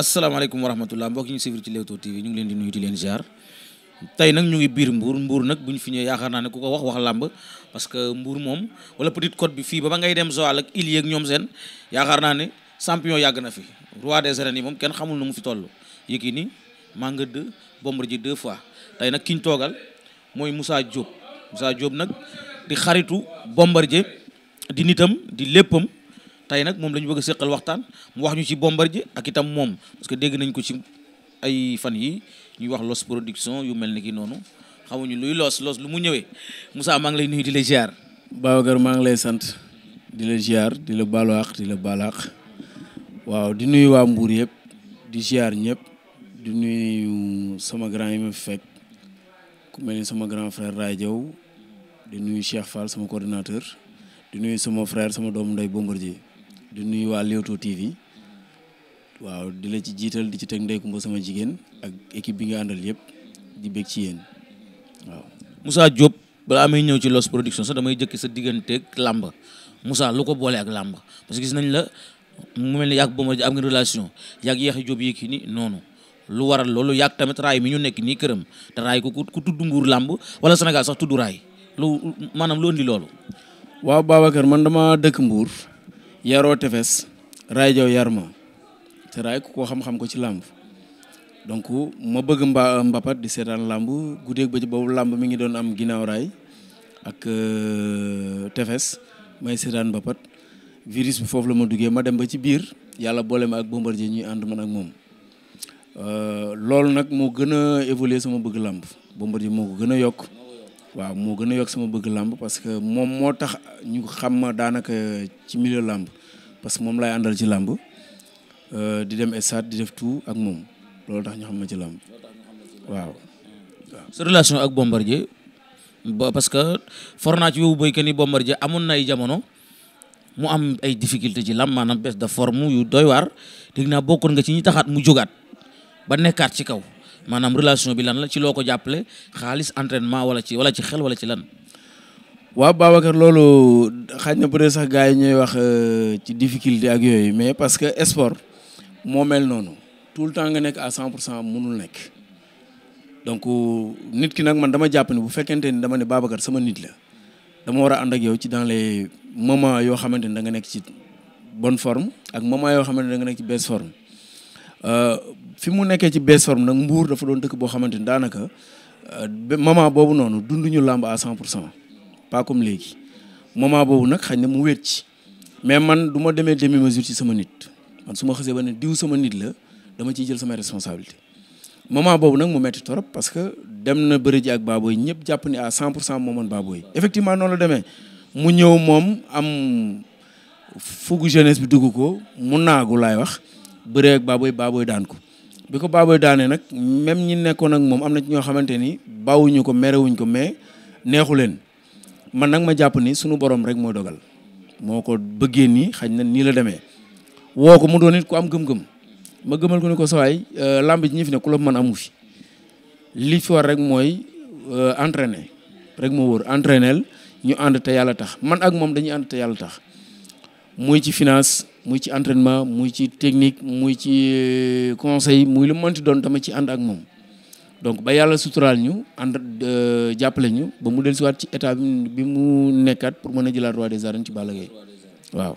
asalaamaaleykum wa rahmatulah mbokk ñu suivre ci Leewtoo TV ñu ngi leen di nuyu di leen ziar tey nag ñu ngi biir mbuur mbuur nag bu ñu fi ñëwee yaakaar naa ne ku ko wax wax làmb parce que moom wala Petite Côte bi fii ba ba ngay dem Joal ak Ile yeeg ñoom seen yaakaar naa ne champion yàgg na fi roi des arènes yi moom kenn xamul nu mu fi toll Yékini Mangade Bombardier de fois tey nag ki ñu toogal mooy Moussa Diop Moussa Diop nag di xaritu Bombardier di nitam di léppam. tey nag moom lañu bëgg a seqal waxtaan mu wax ñu ci Bombardier ak itam moom parce que dégg nañ ko ci ay fan yi ñuy wax los production yu mel ni ki noonu xamuñu luy los los lu mu ñëwee Moussa maa ngi lay nuyu di la ziar. Babacar maa ngi lay sant di la ziar di la baaluwaax di la baalaax waaw di nuyu waa Mbour yëpp di ziar ñëpp di nuyu sama grand yi ma fekk ku mel ni sama grand frère Raye Diaw di nuyu Cheikh Fall sama coordinateur di nuyu sama frère sama doomu ndey Bombardier di nuyu waa Leewtoo TV waaw di la ci jiital di ci teg ndey Kumba sama jigéen ak équipe bi nga àndal yëpp di bég ci yéen waaw. Moussa Diop balaa may ñëw ci Loss Production sax damay jëkk sa digganteeg làmb Moussa lu ko boole ak làmb parce que gis nañ la mu mel ni yàgg Bombardier am ngeen relation yàgg Yéex Diop yi kii ni noonu. lu waral loolu yàgg tamit raay mi ñu nekk nii këram te raay ku ku tudd nguur làmb wala Sénégal sax tudd raay lu maanaam lu ëndi loolu. waaw Babacar man yaroo tefes raay jaw yar ma te raay ku ko xam-xam ko ci làmb donc ma bëgg mba mbapat di seetaan làmb guddee bëccëg boobu làmb mi ngi doon am ginnaaw raay ak euh, tefes may seetaan mbapat virus bi foofu la ma duggee ma dem ba ci biir yàlla boole ma ak bombardier ñuy ànd man ak moom euh, loolu nag moo gën a évoluer sama bëgg làmb bombardier moo ko gën a yokk waaw moo gën a yokk sama bëgg làmb parce que moom moo tax ñu xam ma daanaka ci milieu làmb parce que moom laay àndal ci làmb euh, di dem stade di def tout ak moom loolu tax ñu xam ma ci làmb waaw. sa relation ak Bombardier ba parce que for naa ci yow béykat yi Bombardier amoon na ay jamono mu am ay difficulté ci làmb maanaam baisse de forme yu doy waar dégg naa bokkoon nga ci ñi taxaat mu jógaat ba nekkaat ci kaw. maanaam relation bi lan la ci loo ko jàppale xaalis entraînement wala ci wala ci xel wala ci lan. waaw Babacar loolu xaj na peut sax gars yi ñuy wax euh, ci difficulté ak yooyu mais parce que sport moo mel noonu tout le temps nga nekk à 100 pour cent mënul nekk donc nit ki nag man dama jàpp ne bu fekkente ni dama ne Babacar sama nit la dama war a ànd ak yow ci dans les moments yoo xamante ni da nga nekk ci bonne forme ak moments yoo xamante ni da nekk ci baisse forme euh, fi mu nekkee ci bees forme nag mbuur dafa doon dëkk boo xamante ni daanaka euh, moment boobu noonu dunduñu làmb à cent pour cent pas comme léegi moment boobu nag xañ na mu wéet ci mais man du ma demee demi mesure ci sama nit man su ma xasee ba ne diw sama nit la dama ciy jël samay responsabilité moment boobu nag mu metti trop parce que dem na bëri ji ak baabooy ñëpp jàpp ni à cent pour cent moomoon baabooy effectivement noonu la demee mu ñëw moom am fugu jeunesse bi dugg ko mu naagu laay wax bëree ak baabooy baabooy daan ko bi ko baaboy daanee nag même ñi nekkoon ak moom am na ci ñoo xamante ni bawuñu ko merewuñ ko mais neexu leen man nag ma jàpp ni sunu borom rek moo dogal moo ko bëggee nii xañ na nii la demee woo ko mu doon ko am gëm-gëm ma gëmal ko ni ko sawaay euh, lamb ji ñi fi ne ku la mën amu fi li fi war rek mooy euh, entraîner rek moo wóor entraîner ñu ànd te yàlla tax man ak moom dañuy ànd te yàlla tax muy ci finance muy ci entraînement muy ci technique muy ci euh, conseil muy lu mënti doon dama ci ànd ak moom donc ba yàlla suturaal ñu ànd euh, jàppale ñu ba mu dellusiwaat ci état bi mu nekkaat pour mën a jëlaat de des arènes ci Balla Gaye waaw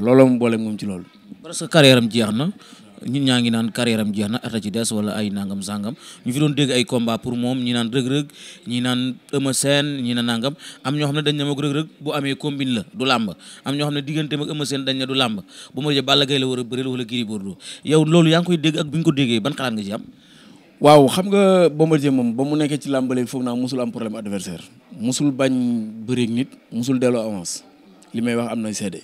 looloo mu boole moom ci loolu. parce que carrière jeex na ñun ñaa ngi naan carrière am jeex na ata ci des wala ay nangam sangam ñu fi doon dégg ay combat pour moom ñi naan rëg-rëg ñi naan Eumeu Sène ñi naan nangam am ñoo xam ne dañ ne mook rëg-rëg bu amee combine la du làmb am ñoo xam ne digganteem ak Eumeu dañ ne du làmb ma jë Balla Gaye la war a bëreel wala Gris loolu yaa ngi koy dégg ak ko déggee ban xalaat nga ci waaw xam nga Bombardier moom ba mu nekkee ci làmb léegi foog naa musul am problème adversaire musul bañ bëreeg nit musul delloo avance li may wax am na seede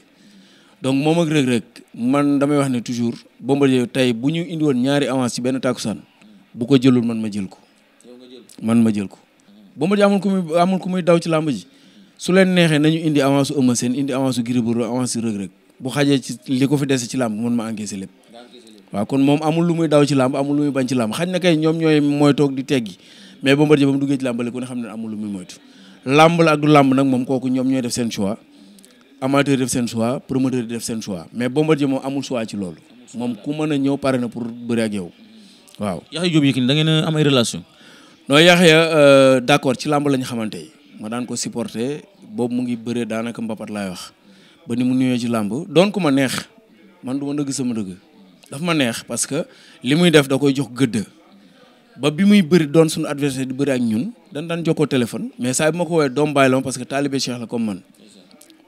donc moom ak rek man damay wax ne toujours Bombardier tey bu ñu indi woon ñaari avance ci benn tàkkusaan bu ko jëlul man ma jël ko man ma jël ko Bombardier amul ku muy amul ku muy daw ci làmb ji su leen neexee nañu indi avance su indi avance su Gris Bordeaux avance su Reug Reug ci li ko fi dese ci làmb man ma encaissé lépp kon moom amul lu muy daw ci làmb amul lu muy bañ ci làmb xaj na kay ñoom ñooy mooy toog di teggi mais Bombardier ba mu duggee ci làmbale ku ne xam ne amul lu muy moytu lamb la ak du làmb moom kooku ñoom ñooy def seen choix amateur def seen choix promoteur def seen choix mais Bombardier moom amul choix ci loolu moom ku mën a ñëw pare na pour bëri ak yow waaw. Yaxya Diop Yékini da ngeen a amay relation. noo Yaxya euh, d' accord ci làmb lañ xamante yi ma daan ko supporter boobu mu ngi bëree daanaka mbappat laay wax ba ni mu nuyoo ci làmb doon ku ma neex man du ma dëgg sama dëgg daf ma neex parce que li muy def da koy jox gëdd. ba bi muy bëri doon suñu adversaire di bëri ak ñun dañ daan jokkoo téléphone mais la comme man.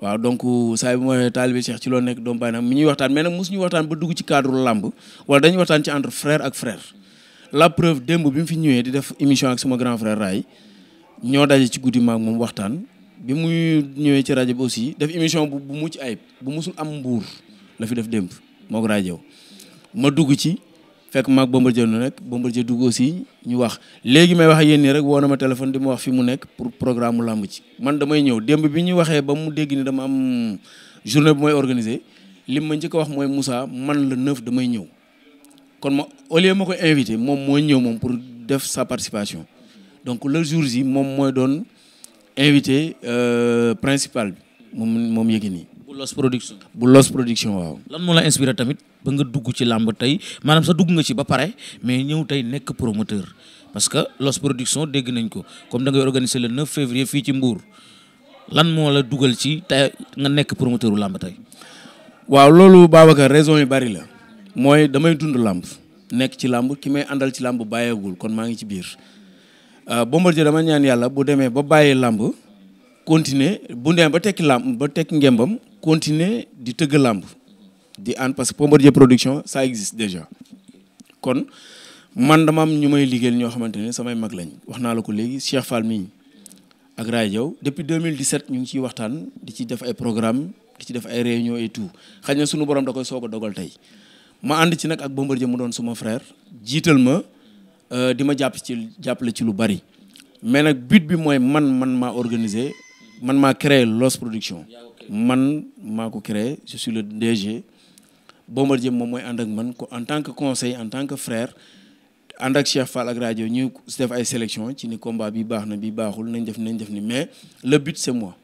waaw donc saa bu mooy taalibe Cheikh ci loo nekk doomu baay nag mi ñuy waxtaan mais nag mosuñu waxtaan ba dugg ci cadre lamb wala dañuy waxtaan ci entre frère ak frère la preuve démb bi mu fi ñëwee di def émission ak sama grand frère Raay ñoo daje ci guddi maag moom waxtaan bi muy ñëwee ci rajo bi aussi def émission bu mucc ayib bu musul am mbuur la fi def démb moo ko ma dugg ci fekk maag Bombardier nu rek Bombardier dugg aussi ñu wax léegi may wax yéen nii rek woo na téléphone di mu wax fi mu nekk pour programme mu làmb ci man damay ñëw démb bi ñu waxee ba mu dégg ni dama am journée bi mooy organiser li ma njëkk a wax mooy Moussa man la neuf damay ñëw kon ma au lieu ma ko invité moom mooy ñëw moom pour def sa participation donc le jour ji moom mooy doon invité euh, principal bi moom moom nii bu los production. bu los production waaw. lan moo la inspiré tamit ba nga dugg ci làmb tey maanaam sa dugg nga ci ba pare mais ñëw tey nekk promoteur parce que los production dégg nañ ko comme da ngay organiser le 9 février fii ci Mbour lan moo la dugal ci tey nga nekk promoteur u làmb tey. waaw loolu Babacar raison yu bari la. mooy damay dund làmb nekk ci làmb ki may àndal ci làmb bàyyeegul kon maa ngi ci biir euh, Bombardier dama ñaan yàlla bu demee ba bàyyi làmb continuer bu demee ba tekki ba ngembam continuer di tëgg làmb di ànd parce que Bombardier production ça existe déjà kon man dama am ñu may liggéey ñoo xamante ne samay mag lañ wax naa la ko léegi Cheikh Fall mii ak Raye Diaw depuis 2017 ñu ngi ciy waxtaan di ci def ay programme di ci def ay réunion et tout na sunu borom da koy soog a dogal tey ma ànd ci nag ak Bombardier mu doon suma frère jiital ma euh, di ma jàpp ci jàppale ci lu bari mais nag but bi mooy man man maa organiser man maa créé Los Production man maa ko créé je suis le DG jëm moom mooy ànd ak man ko en tant que conseil en tant que frère ànd ak Cheikh Fall ak rajo ñu def ay sélection ci ni combat bi baax na bi baaxul nañ def nañ def ni mais le but c'est moi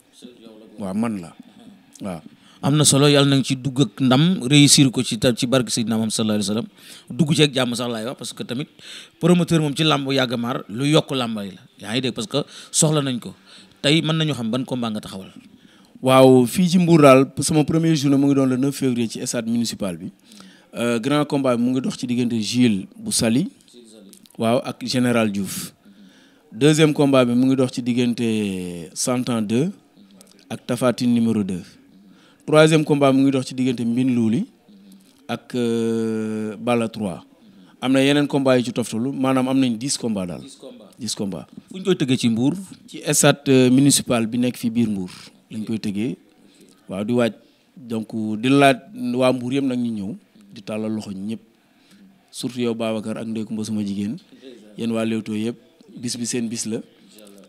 waaw man la waaw. am na solo yàlla na nga ci dugg ak ndam réussir ko ci ci barke Seydina Muhammad sallallahu alayhi wa dugg ci jàmm sax laay wax parce que tamit promoteur moom ci làmb yàgg maar lu yokk làmb yi la yaa ngi dégg parce que soxla nañ ko tey mën nañu xam ban combat nga taxawal. waaw fii ci Mbour daal sama premier journée mu ngi doon le 9 février ci stade municipal bi euh, grand combat bi mu ngi dox ci diggante Gilles bu Sali. waaw ak général Diouf. deuxième combat bi mu ngi dox ci diggante Santan 2 ak Tafatine numéro 2. troisième combat mu ngi dox ci diggante Mbin Luuli ak euh, Balla 3. am na yeneen combat yi ci toftalu maanaam am nañ dix combat daal dix combat fu ñu koy tëggee ci mbuur ci stade euh, municipal bi nekk fi biir mbuur lañ koy tëggee waaw di waaj donc di laaj waa Mbour yëpp nag ñu ñëw di tàllal loxo ñëpp surtout yow Babacar ak Ndeye Coumba jigéen yéen waa Leewtoo yëpp bis bi seen bis la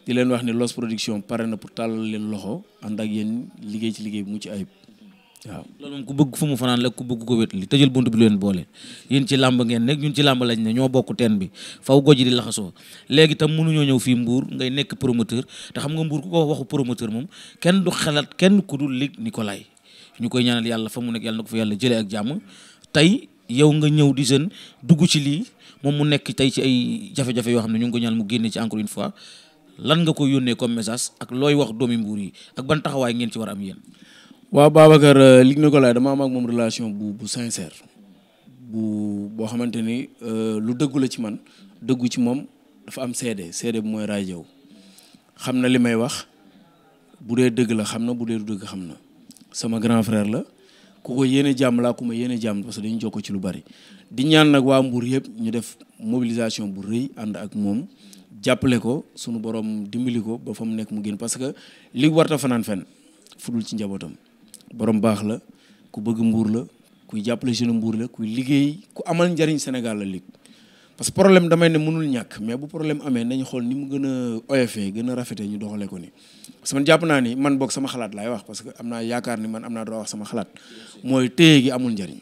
di leen wax ne Loss Production pare na pour tàllal leen loxo ànd ak yéen liggéey ci liggéey bu mucc ayib waaw loolu moom ku bëgg fu mu fanaan la ku bëgg ko wét li tëjal bunt bi lu leen boole yéen ci làmb ngeen nekk ñun ci làmb lañ ne ñoo bokk teen bi faw goj di laxasoo léegi tam mënuñoo ñëw fii mbuur ngay nekk promoteur te xam nga mbuur ku ko waxu promoteur moom kenn du xalaat kenn ku dul Luc Nicolaï ñu koy ñaanal yàlla fa mu nekk yàlla na ko fa yàlla jëlee ak jàmm tey yow nga ñëw di jeune dugg ci lii moom mu nekk tey ci ay jafe-jafe yoo xam ne ñu ngi ko ñaan mu génne ci encore une fois lan nga koy yónnee comme message ak looy wax doomi mbuur yi ak ban taxawaay ngeen ci war am yéen waaw Babacar euh, Luc Nicolaï dama am ak moom relation bu bu sincère bu boo xamante ni euh, lu dëggu la ci man dëggu ci moom dafa am seede seede bu mooy rajo xam na li may wax bu dee dëgg la xam na bu dee du dëgg xam na sama grand frère la ku ko yéene jàmm laa ku ma yéene jàmm parce que dañu jokko ci lu bari di ñaan nag waa Mbour yëpp ñu def mobilisation bu rëy ànd ak moom jàppale ko sunu borom dimbili ko ba fa mu nekk mu génn parce que li warta fanaan fenn fudul ci njabootam. borom baax la ku bëgg mbuur la kuy jàppale jeune mbuur la kuy liggéey ku amal njariñ Sénégal la lig parce que problème damay ne mënul ñàkk mais bu problème amee nañu xool ni mu gën a oyofee gën a rafetee ñu doxalee ko ni parce man jàpp naa ni man boog sama xalaat laay wax parce que am naa yaakaar ni man am naa droit wax sama xalaat mooy téye gi amul njariñ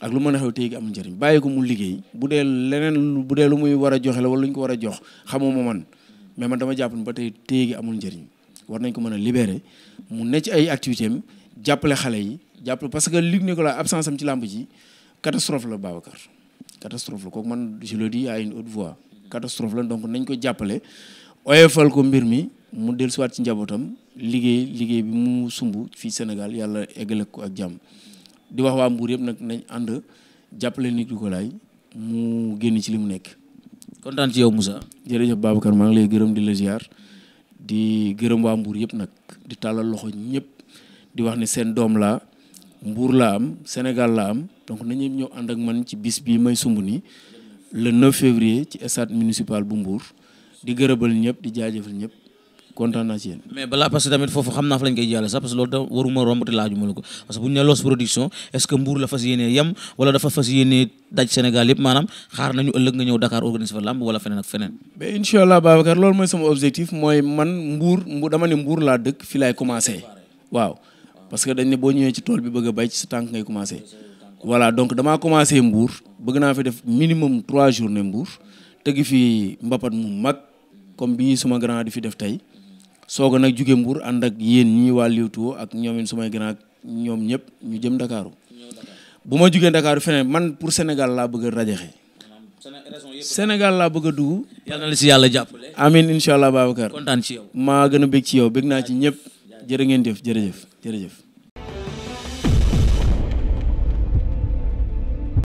ak lu man a xew téye gi amul njariñ bàyyi ko mu liggéey bu dee leneen bu dee muy war a joxe la wala lu ko war a jox xamuma man mais man dama jàpp ba tey téye gi amul njariñ war nañ ko mën a libérer mu ne ci ay activité am jàppale xale yi jàppale parce que Luc Nicolaï absence am ci làmb ji catastrophe la Babacar catastrophe la kooku man je le dis à une haute voix catastrophe la donc nañ ko jàppale oyofal ko mbir mi mu dellusiwaat ci njabootam liggéey liggéey bi mu sumb fii Sénégal yàlla eggale ko ak jàmm di wax waa Mbour yëpp nag nañ ànd jàppale Luc Nicolaï mu génn ci li mu nekk. kontaan ci yow Moussa. jërëjëf Babacar maa ngi lay gërëm di la ziar di gërëm waa Mbour yëpp nag di tàllal loxo ñëpp. di wax ne seen doom laa mbuur laa am Sénégal laa am donc nañu ñëw ànd ak man ci bis bii may sumb nii le 9 février ci stade municipal bu Mbour di gërëbal ñëpp di jaajëfal ñëpp kontaan naa ci yéen. mais balaa parce que tamit foofu xam naa fa lañ koy jàll sax parce que loolu tam waruma romb te laajuma la ko parce que bu ñu nee Loss Production est-ce que dafa fas yéenee daj Sénégal yëpp maanaam xaar nañu ëllëg nga ñëw Dakar organiser fa lamb wala feneen ak feneen. mais incha allah Babacar loolu mooy sama objectif mooy man Mbour dama ne mbuur laa dëkk fi laay commencé waaw. parce que dañ ne boo ñëwee ci tool bi bëgg a bay ci sa tànk ngay commencé voilà donc dama commencé Mbour bëgg naa fi def minimum trois journées Mbour tegi fi mbapat mu mag comme bii suma grand di fi def tey soog a nag jóge Mbour ànd ak yéen ñii waa Leewtoo ak ñoomin sumay grand ñoom ñëpp ñu jëm Ndakaaru bu ma jugee Ndakaaru feneen man pour Sénégal laa bëgg a rajaxe Sénégal laa bëgg a dugg. yal si yàlla jàppale. amiin incha allah Babacar kontaan ci maa gën a bég ci yow bëgg naa ci ñëpp jërë ngeen jëf jërëjëf jërëjëf.